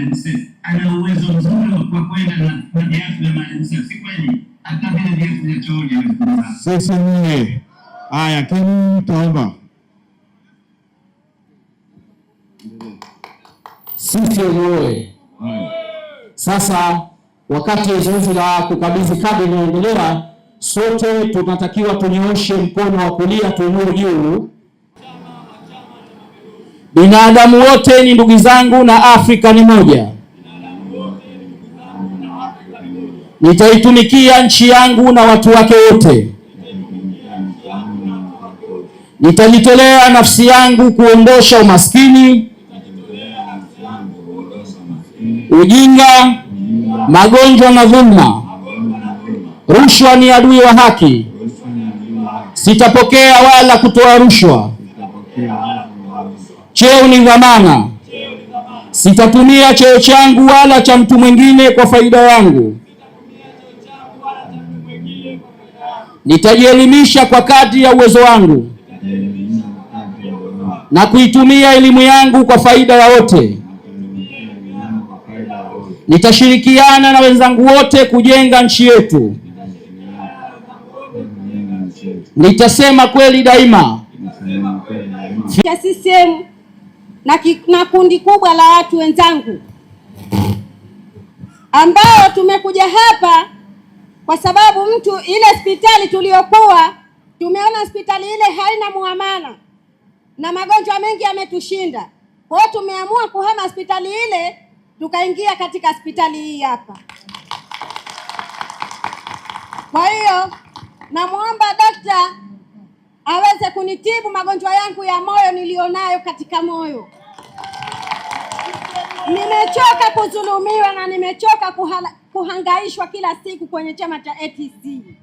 Maalim Seif ana uwezo mzuri wa kwenda na viatu vya Maalim Seif, si kweli? Hata vile viatu vya chooni amevaa. Sisi nie haya keni, taomba sisi mwoe. Sasa wakati zoezi la kukabidhi kadi inaendelea, sote tunatakiwa tunyooshe mkono wa kulia tuinue juu Binadamu wote ni ndugu zangu na Afrika ni moja. Nitaitumikia nchi yangu na watu wake wote. Nitajitolea nafsi yangu kuondosha umaskini, ujinga, magonjwa na dhulma. Rushwa ni adui wa haki. Sitapokea wala kutoa rushwa. Cheo ni dhamana, sitatumia cheo changu wala cha mtu mwingine kwa faida yangu. Nitajielimisha kwa kadri ya uwezo wangu na kuitumia elimu yangu kwa faida ya wote. Nitashirikiana na wenzangu wote kujenga nchi yetu. Nitasema kweli daima. Sisi na, ki, na kundi kubwa la watu wenzangu ambao tumekuja hapa kwa sababu mtu ile hospitali tuliyokuwa tumeona hospitali ile haina muamana na magonjwa mengi yametushinda. Kwa hiyo tumeamua kuhama hospitali ile tukaingia katika hospitali hii hapa. Kwa hiyo namwomba Dokta aweze kunitibu magonjwa yangu ya moyo niliyonayo katika moyo. Nimechoka kuzulumiwa na nimechoka kuhangaishwa kila siku kwenye chama cha ATC.